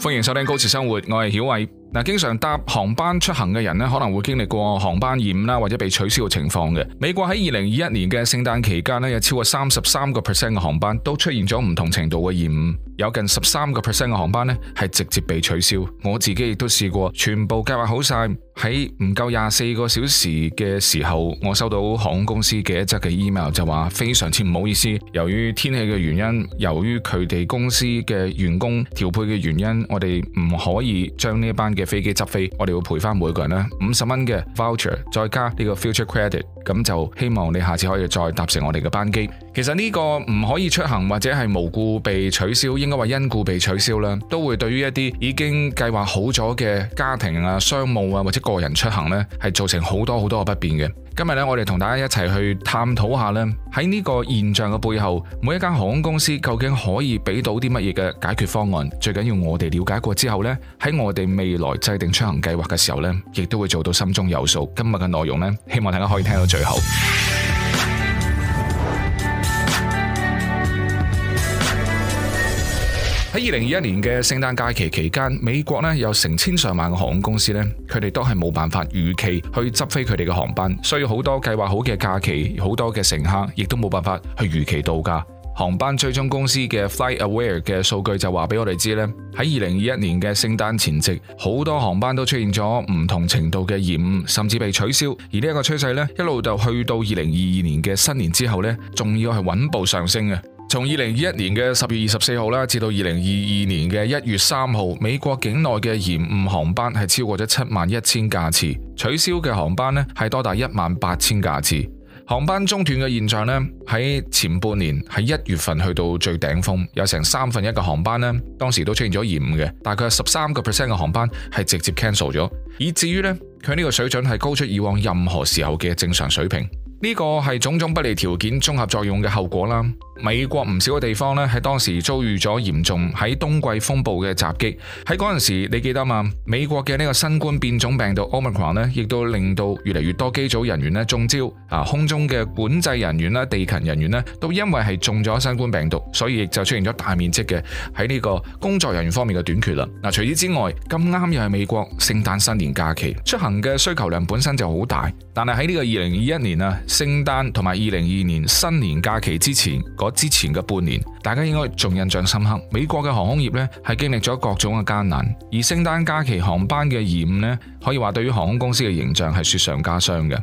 歡迎收聽《高智生活》，我係曉偉。嗱，經常搭航班出行嘅人咧，可能會經歷過航班延誤或者被取消嘅情況。美國喺二零二一年嘅聖誕期間咧，有超過三十三個 percent 嘅航班都出現咗唔同程度嘅延誤，有近十三個 percent 嘅航班咧係直接被取消。我自己亦都試過，全部計劃好晒。喺唔夠廿四個小時嘅時候，我收到航空公司嘅一則嘅 email，就話非常之唔好意思，由於天氣嘅原因，由於佢哋公司嘅員工調配嘅原因，我哋唔可以將呢班嘅飛機執飛，我哋會賠翻每個人啦，五十蚊嘅 voucher，再加呢個 future credit，咁就希望你下次可以再搭乘我哋嘅班機。其實呢個唔可以出行或者係無故被取消，應該話因故被取消啦，都會對於一啲已經計劃好咗嘅家庭啊、商務啊或者。個人出行咧，係造成好多好多嘅不便嘅。今日咧，我哋同大家一齊去探討下咧，喺呢個現象嘅背後，每一間航空公司究竟可以俾到啲乜嘢嘅解決方案？最緊要我哋了解過之後咧，喺我哋未來制定出行計劃嘅時候咧，亦都會做到心中有數。今日嘅內容咧，希望大家可以聽到最後。喺二零二一年嘅聖誕假期期間，美國咧有成千上萬嘅航空公司咧，佢哋都係冇辦法如期去執飛佢哋嘅航班，所以多計劃好多計劃好嘅假期，好多嘅乘客亦都冇辦法去如期度假。航班追蹤公司嘅 Flight Aware 嘅數據就話俾我哋知咧，喺二零二一年嘅聖誕前夕，好多航班都出現咗唔同程度嘅延誤，甚至被取消，而呢一個趨勢咧一路就去到二零二二年嘅新年之後咧，仲要係穩步上升嘅。從二零二一年嘅十月二十四號啦，至到二零二二年嘅一月三號，美國境內嘅延誤航班係超過咗七萬一千架次，取消嘅航班呢係多達一萬八千架次。航班中斷嘅現象呢，喺前半年喺一月份去到最頂峰，有成三分一嘅航班呢，當時都出現咗延誤嘅，大概十三個 percent 嘅航班係直接 cancel 咗，以至於呢，佢呢個水準係高出以往任何時候嘅正常水平。呢個係種種不利條件綜合作用嘅後果啦。美國唔少嘅地方呢，喺當時遭遇咗嚴重喺冬季風暴嘅襲擊。喺嗰陣時，你記得嘛？美國嘅呢個新冠變種病毒 Omicron 呢，亦都令到越嚟越多機組人員呢中招。啊，空中嘅管制人員啦、地勤人員呢，都因為係中咗新冠病毒，所以亦就出現咗大面積嘅喺呢個工作人員方面嘅短缺啦。嗱，除此之外，咁啱又係美國聖誕新年假期，出行嘅需求量本身就好大，但係喺呢個二零二一年啊，聖誕同埋二零二二年新年假期之前之前嘅半年，大家應該仲印象深刻。美國嘅航空業咧係經歷咗各種嘅艱難，而聖誕假期航班嘅延誤咧，可以話對於航空公司嘅形象係雪上加霜嘅。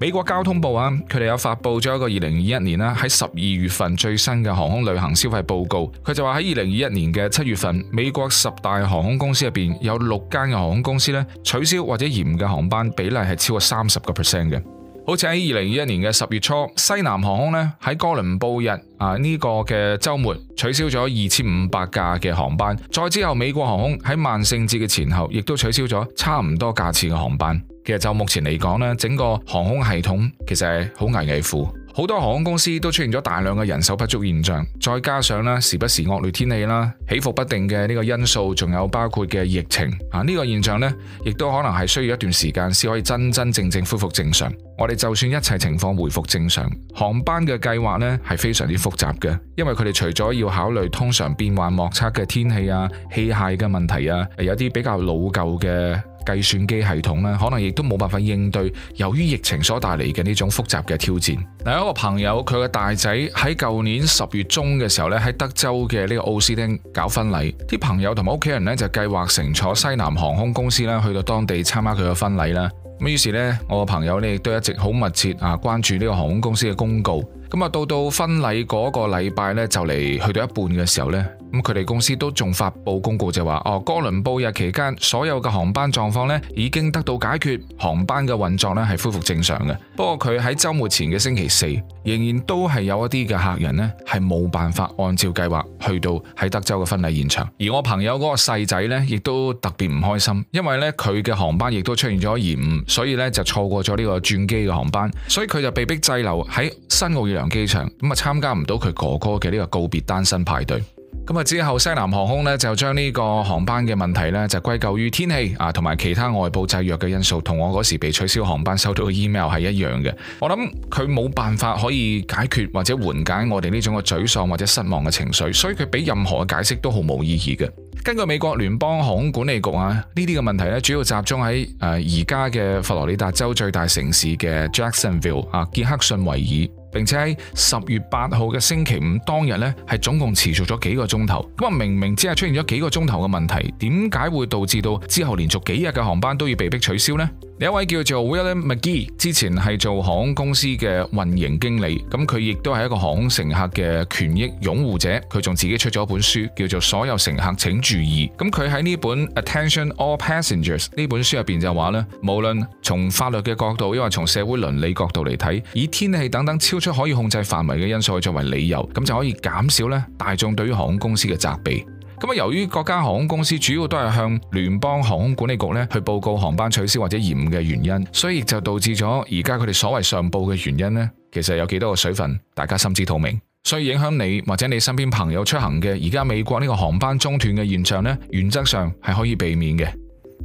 美國交通部啊，佢哋有發布咗一個二零二一年啦，喺十二月份最新嘅航空旅行消費報告，佢就話喺二零二一年嘅七月份，美國十大航空公司入邊有六間嘅航空公司咧取消或者延誤嘅航班比例係超過三十個 percent 嘅。好似喺二零二一年嘅十月初，西南航空咧喺哥倫布日啊呢個嘅周末取消咗二千五百架嘅航班。再之後，美國航空喺萬聖節嘅前後，亦都取消咗差唔多架次嘅航班。其實就目前嚟講呢，整個航空系統其實係好危危乎。好多航空公司都出現咗大量嘅人手不足現象，再加上呢時不時惡劣天氣啦、起伏不定嘅呢個因素，仲有包括嘅疫情啊呢個現象呢，亦都可能係需要一段時間先可以真真正正恢復正常。我哋就算一切情況回復正常，航班嘅計劃呢係非常之複雜嘅，因為佢哋除咗要考慮通常變幻莫測嘅天氣啊、器械嘅問題啊，有啲比較老舊嘅。計算機系統咧，可能亦都冇辦法應對由於疫情所帶嚟嘅呢種複雜嘅挑戰。嗱，有一個朋友，佢嘅大仔喺舊年十月中嘅時候咧，喺德州嘅呢個奧斯汀搞婚禮，啲朋友同埋屋企人咧就計劃乘坐西南航空公司咧去到當地參加佢嘅婚禮啦。咁於是呢，我個朋友呢，亦都一直好密切啊關注呢個航空公司嘅公告。咁啊，到到婚禮嗰個禮拜咧，就嚟去到一半嘅時候咧，咁佢哋公司都仲發佈公告就話，哦，哥倫布日期間所有嘅航班狀況咧已經得到解決，航班嘅運作咧係恢復正常嘅。不過佢喺週末前嘅星期四，仍然都係有一啲嘅客人咧係冇辦法按照計劃去到喺德州嘅婚禮現場。而我朋友嗰個細仔咧，亦都特別唔開心，因為咧佢嘅航班亦都出現咗延誤，所以咧就錯過咗呢個轉機嘅航班，所以佢就被迫滯留喺新奧爾良。機場，咁啊，參加唔到佢哥哥嘅呢個告別單身派對。咁啊，之後，西南航空呢，就將呢個航班嘅問題呢，就歸咎於天氣啊，同埋其他外部制約嘅因素，同我嗰時被取消航班收到嘅 email 係一樣嘅。我諗佢冇辦法可以解決或者緩解我哋呢種嘅沮喪或者失望嘅情緒，所以佢俾任何嘅解釋都毫無意義嘅。根據美國聯邦航空管理局啊，呢啲嘅問題呢，主要集中喺誒而家嘅佛羅里達州最大城市嘅 Jacksonville 啊，傑克遜維爾。並且喺十月八號嘅星期五當日呢，係總共持續咗幾個鐘頭。咁啊，明明只係出現咗幾個鐘頭嘅問題，點解會導致到之後連續幾日嘅航班都要被迫取消呢？有一位叫做 William McGee，之前係做航空公司嘅運營經理，咁佢亦都係一個航空乘客嘅權益擁護者，佢仲自己出咗一本書，叫做《所有乘客請注意》。咁佢喺呢本《Attention All Passengers》呢本書入邊就話呢，無論從法律嘅角度，抑或從社會倫理角度嚟睇，以天氣等等超出可以控制範圍嘅因素作為理由，咁就可以減少呢大眾對於航空公司嘅責備。咁啊！由於各間航空公司主要都係向聯邦航空管理局咧去報告航班取消或者延誤嘅原因，所以亦就導致咗而家佢哋所謂上報嘅原因咧，其實有幾多個水分，大家心知肚明。所以影響你或者你身邊朋友出行嘅，而家美國呢個航班中斷嘅現象呢，原則上係可以避免嘅。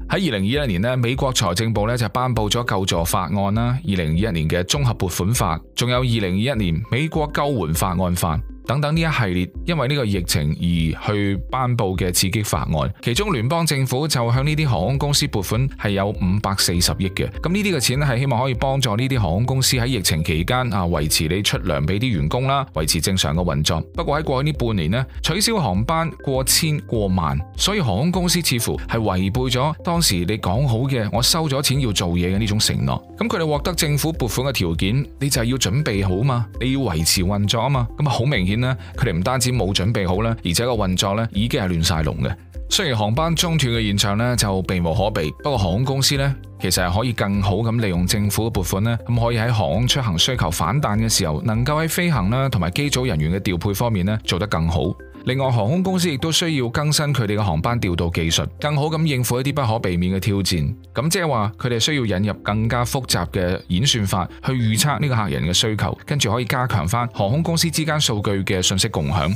喺二零二一年咧，美國財政部呢就頒布咗救助法案啦。二零二一年嘅綜合撥款法，仲有二零二一年美國救援法案法。等等呢一系列因為呢個疫情而去頒布嘅刺激法案，其中聯邦政府就向呢啲航空公司撥款係有五百四十億嘅。咁呢啲嘅錢係希望可以幫助呢啲航空公司喺疫情期間啊，維持你出糧俾啲員工啦，維持正常嘅運作。不過喺過去呢半年呢，取消航班過千過萬，所以航空公司似乎係違背咗當時你講好嘅我收咗錢要做嘢嘅呢種承諾。咁佢哋獲得政府撥款嘅條件，你就係要準備好嘛，你要維持運作啊嘛。咁啊，好明顯。咧，佢哋唔單止冇準備好啦，而且個運作呢已經係亂晒龍嘅。雖然航班中斷嘅現象呢就避無可避，不過航空公司呢其實係可以更好咁利用政府嘅撥款呢，咁可以喺航空出行需求反彈嘅時候，能夠喺飛行啦同埋機組人員嘅調配方面呢做得更好。另外，航空公司亦都需要更新佢哋嘅航班調度技術，更好咁應付一啲不可避免嘅挑戰。咁即係話，佢哋需要引入更加複雜嘅演算法，去預測呢個客人嘅需求，跟住可以加強翻航空公司之間數據嘅信息共享。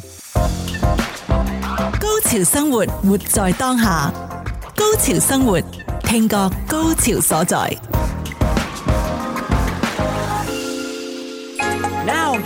高潮生活，活在當下。高潮生活，聽覺高潮所在。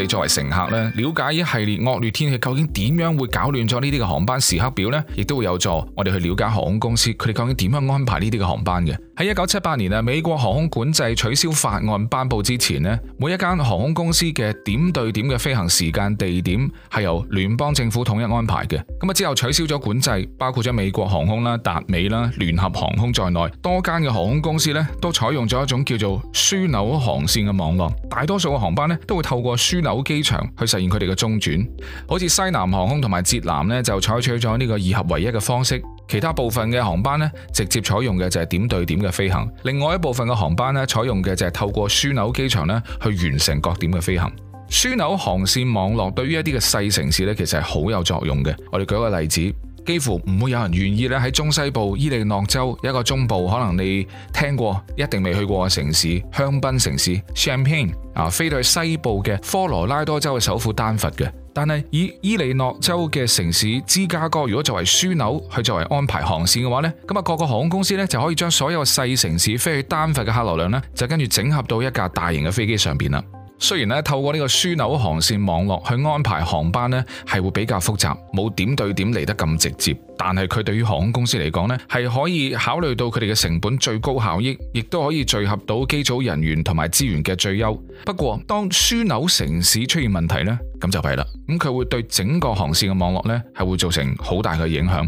你作為乘客咧，了解一系列惡劣天氣究竟點樣會搞亂咗呢啲嘅航班時刻表呢，亦都會有助我哋去了解航空公司，佢哋究竟點樣安排呢啲嘅航班嘅。喺一九七八年啊，美國航空管制取消法案頒布之前咧，每一間航空公司嘅點對點嘅飛行時間地點係由聯邦政府統一安排嘅。咁啊之後取消咗管制，包括咗美國航空啦、達美啦、聯合航空在內多間嘅航空公司咧，都採用咗一種叫做樞紐航線嘅網絡。大多數嘅航班咧都會透過樞紐機場去實現佢哋嘅中轉，好似西南航空同埋捷藍，咧就採取咗呢個二合為一嘅方式。其他部分嘅航班呢，直接採用嘅就係點對點嘅飛行；另外一部分嘅航班呢，採用嘅就係透過樞紐機場呢，去完成各點嘅飛行。樞紐航線網絡對於一啲嘅細城市呢，其實係好有作用嘅。我哋舉個例子。幾乎唔會有人願意咧喺中西部伊利諾州一個中部可能你聽過一定未去過嘅城市香檳城市 Champaign 啊，Champaign, 飛到去西部嘅科羅拉多州嘅首府丹佛嘅。但係以伊利諾州嘅城市芝加哥如果作為樞紐，去作為安排航線嘅話呢咁啊，各個航空公司咧就可以將所有細城市飛去丹佛嘅客流量咧，就跟住整合到一架大型嘅飛機上邊啦。雖然呢透過呢個樞紐航綫網絡去安排航班呢係會比較複雜，冇點對點嚟得咁直接，但係佢對於航空公司嚟講呢係可以考慮到佢哋嘅成本最高效益，亦都可以聚合到機組人員同埋資源嘅最優。不過當樞紐城市出現問題呢，咁就弊啦，咁佢會對整個航綫嘅網絡呢係會造成好大嘅影響。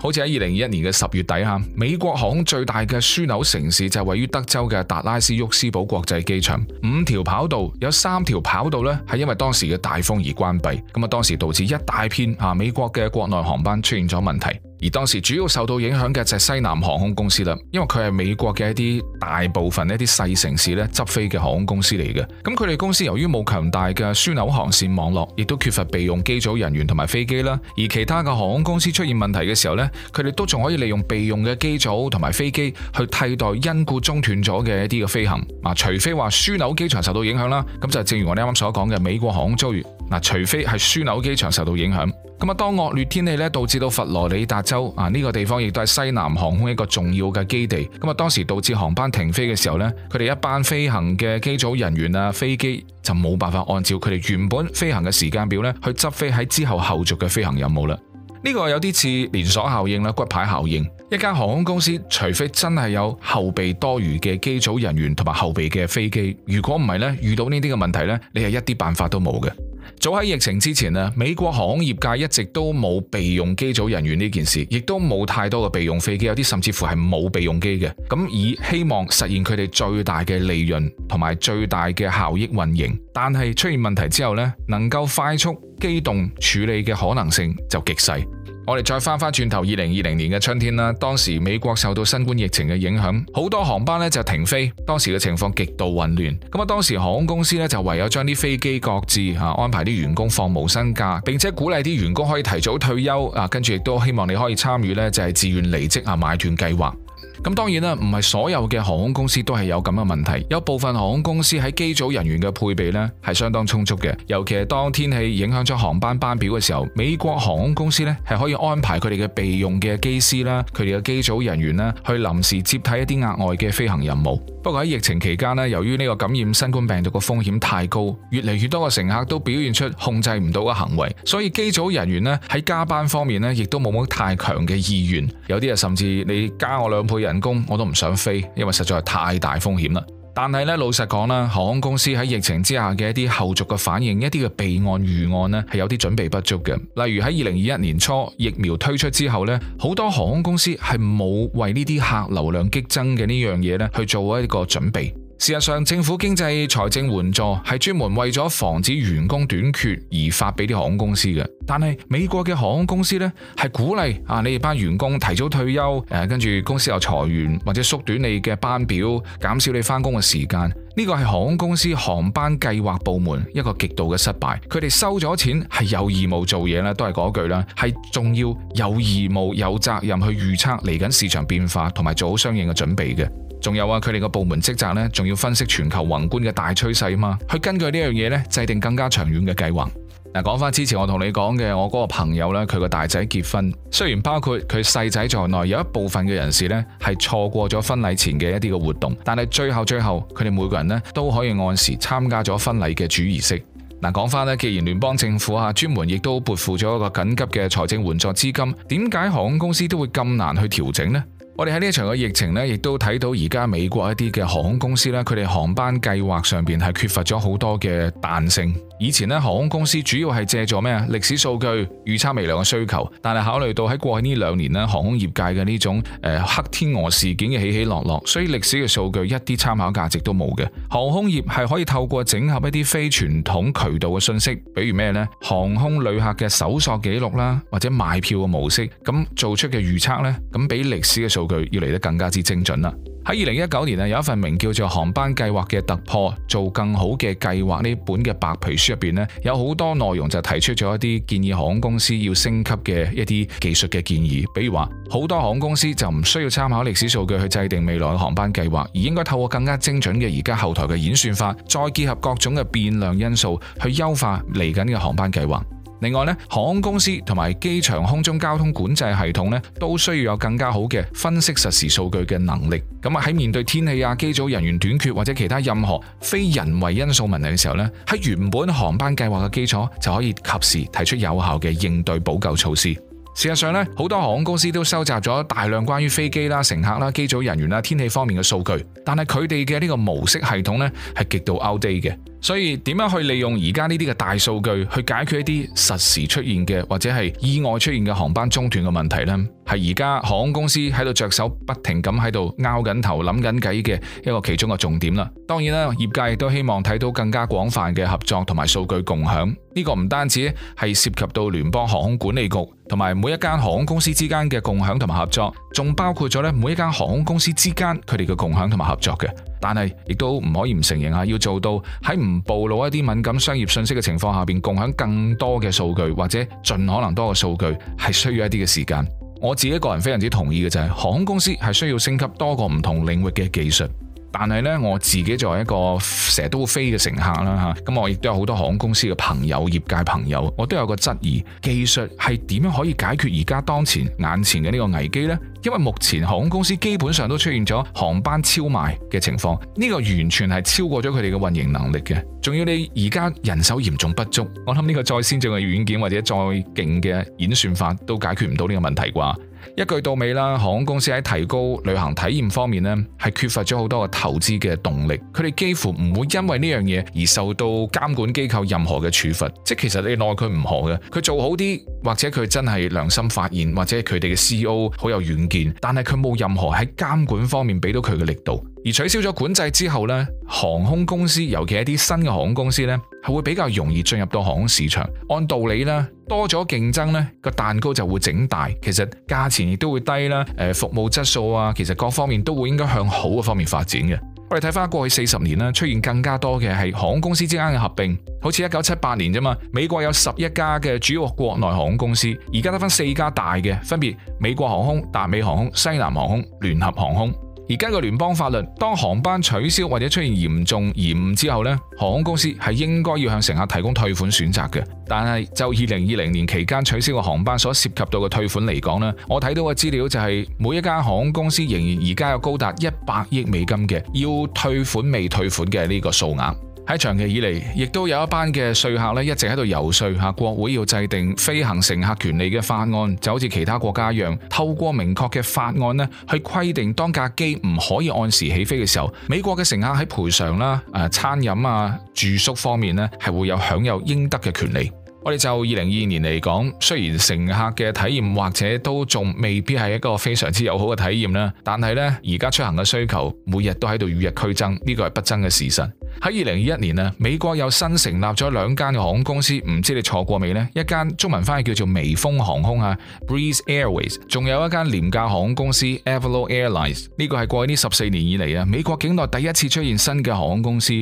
好似喺二零二一年嘅十月底啊，美國航空最大嘅樞紐城市就係位於德州嘅達拉斯沃斯堡國際機場。五條跑道有三條跑道呢，係因為當時嘅大風而關閉，咁啊當時導致一大片啊美國嘅國內航班出現咗問題。而當時主要受到影響嘅就係西南航空公司啦，因為佢係美國嘅一啲大部分一啲細城市咧執飛嘅航空公司嚟嘅。咁佢哋公司由於冇強大嘅樞紐航線網絡，亦都缺乏備用機組人員同埋飛機啦。而其他嘅航空公司出現問題嘅時候呢，佢哋都仲可以利用備用嘅機組同埋飛機去替代因故中斷咗嘅一啲嘅飛行。嗱，除非話樞紐機場受到影響啦，咁就正如我哋啱啱所講嘅美國航空遭遇。嗱，除非係樞紐機場受到影響咁啊，當惡劣天氣咧導致到佛羅里達州啊呢個地方，亦都係西南航空一個重要嘅基地咁啊。當時導致航班停飛嘅時候咧，佢哋一班飛行嘅機組人員啊，飛機就冇辦法按照佢哋原本飛行嘅時間表咧去執飛喺之後後續嘅飛行任務啦。呢個有啲似連鎖效應啦，骨牌效應。一間航空公司除非真係有後備多餘嘅機組人員同埋後備嘅飛機，如果唔係咧，遇到呢啲嘅問題咧，你係一啲辦法都冇嘅。早喺疫情之前咧，美國行業界一直都冇備用機組人員呢件事，亦都冇太多嘅備用飛機，有啲甚至乎係冇備用機嘅。咁以希望實現佢哋最大嘅利潤同埋最大嘅效益運營，但係出現問題之後呢，能夠快速機動處理嘅可能性就極細。我哋再翻翻轉頭二零二零年嘅春天啦，當時美國受到新冠疫情嘅影響，好多航班呢就停飛，當時嘅情況極度混亂。咁啊，當時航空公司呢，就唯有將啲飛機擱置啊，安排啲員工放無薪假，並且鼓勵啲員工可以提早退休啊，跟住亦都希望你可以參與呢，就係自願離職啊買斷計劃。咁當然啦，唔係所有嘅航空公司都係有咁嘅問題。有部分航空公司喺機組人員嘅配備呢係相當充足嘅，尤其係當天氣影響咗航班班表嘅時候，美國航空公司呢係可以安排佢哋嘅備用嘅機師啦，佢哋嘅機組人員呢去臨時接替一啲額外嘅飛行任務。不過喺疫情期間呢，由於呢個感染新冠病毒嘅風險太高，越嚟越多嘅乘客都表現出控制唔到嘅行為，所以機組人員呢喺加班方面呢亦都冇乜太強嘅意願。有啲人甚至你加我兩倍人工我都唔想飛，因為實在係太大風險啦。但係咧，老實講啦，航空公司喺疫情之下嘅一啲後續嘅反應，一啲嘅備案預案呢，係有啲準備不足嘅。例如喺二零二一年初疫苗推出之後呢，好多航空公司係冇為呢啲客流量激增嘅呢樣嘢呢去做一個準備。事實上，政府經濟財政援助係專門為咗防止員工短缺而發俾啲航空公司嘅。但係美國嘅航空公司呢，係鼓勵啊你哋班員工提早退休，誒，跟住公司有裁員或者縮短你嘅班表，減少你翻工嘅時間。呢個係航空公司航班計劃部門一個極度嘅失敗。佢哋收咗錢係有義務做嘢，呢都係嗰句啦，係仲要有義務有責任去預測嚟緊市場變化，同埋做好相應嘅準備嘅。仲有啊，佢哋嘅部門職責呢，仲要分析全球宏觀嘅大趨勢啊嘛，去根據呢樣嘢呢，制定更加長遠嘅計劃。嗱，講返之前我同你講嘅，我嗰個朋友呢，佢個大仔結婚，雖然包括佢細仔在內，有一部分嘅人士呢，係錯過咗婚禮前嘅一啲嘅活動，但係最後最後，佢哋每個人呢，都可以按時參加咗婚禮嘅主儀式。嗱，講返呢，既然聯邦政府啊專門亦都撥付咗一個緊急嘅財政援助資金，點解航空公司都會咁難去調整呢？我哋喺呢一場嘅疫情咧，亦都睇到而家美國一啲嘅航空公司咧，佢哋航班計劃上面係缺乏咗好多嘅彈性。以前咧，航空公司主要係借助咩啊？歷史數據預測未來嘅需求，但係考慮到喺過去呢兩年咧，航空業界嘅呢種誒、呃、黑天鵝事件嘅起起落落，所以歷史嘅數據一啲參考價值都冇嘅。航空業係可以透過整合一啲非傳統渠道嘅信息，比如咩呢？航空旅客嘅搜索記錄啦，或者買票嘅模式，咁做出嘅預測呢，咁比歷史嘅數據要嚟得更加之精準啦。喺二零一九年啊，有一份名叫做《航班計劃嘅突破做更好嘅計劃》呢本嘅白皮書入邊咧，有好多內容就提出咗一啲建議航空公司要升級嘅一啲技術嘅建議，比如話好多航空公司就唔需要參考歷史數據去制定未來嘅航班計劃，而應該透過更加精準嘅而家後台嘅演算法，再結合各種嘅變量因素去優化嚟緊嘅航班計劃。另外咧，航空公司同埋機場空中交通管制系統咧，都需要有更加好嘅分析實時數據嘅能力。咁啊，喺面對天氣啊、機組人員短缺或者其他任何非人為因素問題嘅時候咧，喺原本航班計劃嘅基礎就可以及時提出有效嘅應對補救措施。事實上咧，好多航空公司都收集咗大量關於飛機啦、乘客啦、機組人員啦、天氣方面嘅數據，但係佢哋嘅呢個模式系統咧係極度 outdate 嘅。所以點樣去利用而家呢啲嘅大數據去解決一啲實時出現嘅或者係意外出現嘅航班中斷嘅問題呢？係而家航空公司喺度着手不停咁喺度拗緊頭諗緊計嘅一個其中嘅重點啦。當然啦，業界亦都希望睇到更加廣泛嘅合作同埋數據共享。呢個唔單止係涉及到聯邦航空管理局同埋每一間航空公司之間嘅共享同埋合作，仲包括咗呢每一間航空公司之間佢哋嘅共享同埋合作嘅。但係，亦都唔可以唔承認呀，要做到喺唔暴露一啲敏感商業信息嘅情況下邊，共享更多嘅數據或者盡可能多嘅數據，係需要一啲嘅時間。我自己個人非常之同意嘅就係、是，航空公司係需要升級多個唔同領域嘅技術。但係呢，我自己作為一個成日都會飛嘅乘客啦嚇，咁我亦都有好多航空公司嘅朋友、業界朋友，我都有個質疑，技術係點樣可以解決而家當前眼前嘅呢個危機呢？因為目前航空公司基本上都出現咗航班超賣嘅情況，呢個完全係超過咗佢哋嘅運營能力嘅，仲要你而家人手嚴重不足，我諗呢個再先進嘅軟件或者再勁嘅演算法都解決唔到呢個問題啩。一句到尾啦，航空公司喺提高旅行體驗方面呢，係缺乏咗好多嘅投資嘅動力。佢哋幾乎唔會因為呢樣嘢而受到監管機構任何嘅處罰。即其實你奈佢唔何嘅，佢做好啲或者佢真係良心發現，或者佢哋嘅 CEO 好有遠見，但係佢冇任何喺監管方面俾到佢嘅力度。而取消咗管制之後呢，航空公司，尤其一啲新嘅航空公司呢，係會比較容易進入到航空市場。按道理咧，多咗競爭呢個蛋糕就會整大，其實價錢亦都會低啦。誒，服務質素啊，其實各方面都會應該向好嘅方面發展嘅。我哋睇翻過去四十年啦，出現更加多嘅係航空公司之間嘅合併，好似一九七八年啫嘛，美國有十一家嘅主要國內航空公司，而家得翻四家大嘅，分別美國航空、達美航空、西南航空、聯合航空。而家嘅聯邦法律，當航班取消或者出現嚴重延誤之後呢，航空公司係應該要向乘客提供退款選擇嘅。但係就二零二零年期間取消嘅航班所涉及到嘅退款嚟講呢，我睇到嘅資料就係，每一間航空公司仍然而家有高達一百億美金嘅要退款未退款嘅呢個數額。喺長期以嚟，亦都有一班嘅稅客咧，一直喺度遊說嚇國會要制定飛行乘客權利嘅法案，就好似其他國家一樣，透過明確嘅法案咧去規定，當架機唔可以按時起飛嘅時候，美國嘅乘客喺賠償啦、誒、啊、餐飲啊、住宿方面咧，係會有享有應得嘅權利。我哋就二零二二年嚟講，雖然乘客嘅體驗或者都仲未必係一個非常之友好嘅體驗啦，但係咧而家出行嘅需求每日都喺度與日俱增，呢個係不爭嘅事實。喺二零二一年啊，美國又新成立咗兩間航空公司，唔知你錯過未咧？一間中文翻譯叫做微風航空啊，Breeze Airways，仲有一間廉價航空公司 Avelo Airlines。呢、呢個係過去呢十四年以嚟啊，美國境內第一次出現新嘅航空公司。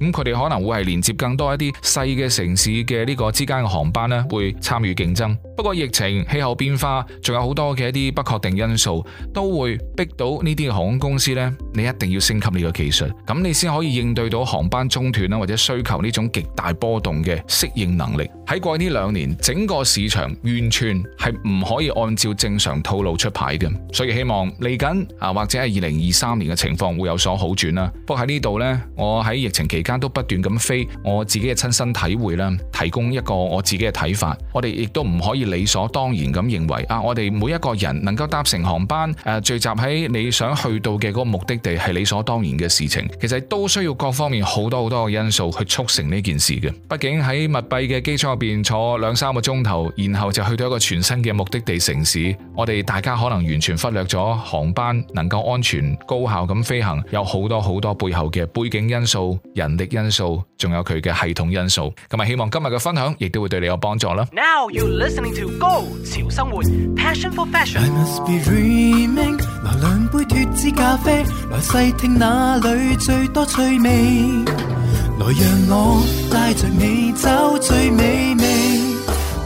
咁佢哋可能會係連接更多一啲細嘅城市嘅呢個之間嘅航班咧，會參與競爭。不過疫情、氣候變化，仲有好多嘅一啲不確定因素，都會逼到呢啲航空公司咧，你一定要升級呢個技術，咁你先可以應對到航班中斷啦，或者需求呢種極大波動嘅適應能力。喺過去呢兩年，整個市場完全係唔可以按照正常套路出牌嘅，所以希望嚟緊啊，或者係二零二三年嘅情況會有所好轉啦。不過喺呢度咧，我喺疫情期間。間都不斷咁飛，我自己嘅親身體會啦，提供一個我自己嘅睇法。我哋亦都唔可以理所當然咁認為啊，我哋每一個人能夠搭乘航班誒、啊，聚集喺你想去到嘅嗰個目的地係理所當然嘅事情。其實都需要各方面好多好多嘅因素去促成呢件事嘅。畢竟喺密閉嘅機艙入邊坐兩三個鐘頭，然後就去到一個全新嘅目的地城市，我哋大家可能完全忽略咗航班能夠安全高效咁飛行，有好多好多背後嘅背景因素人的因素，仲有佢嘅系統因素，咁啊，希望今日嘅分享亦都會對你有幫助啦。Now you listening to 高潮生活，passion for fashion。I must be dreaming。來兩杯脫脂咖啡，來細聽哪裏最多趣味，來讓我帶着你找最美味，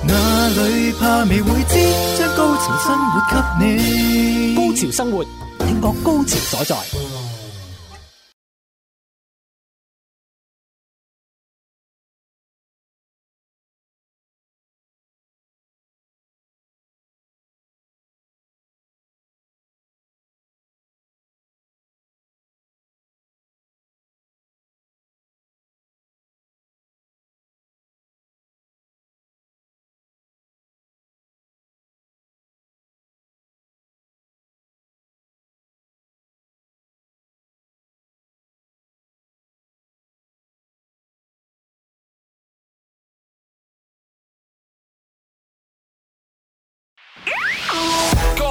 哪裏怕未會知，將高潮生活給你。高潮生活，聽我高潮所在。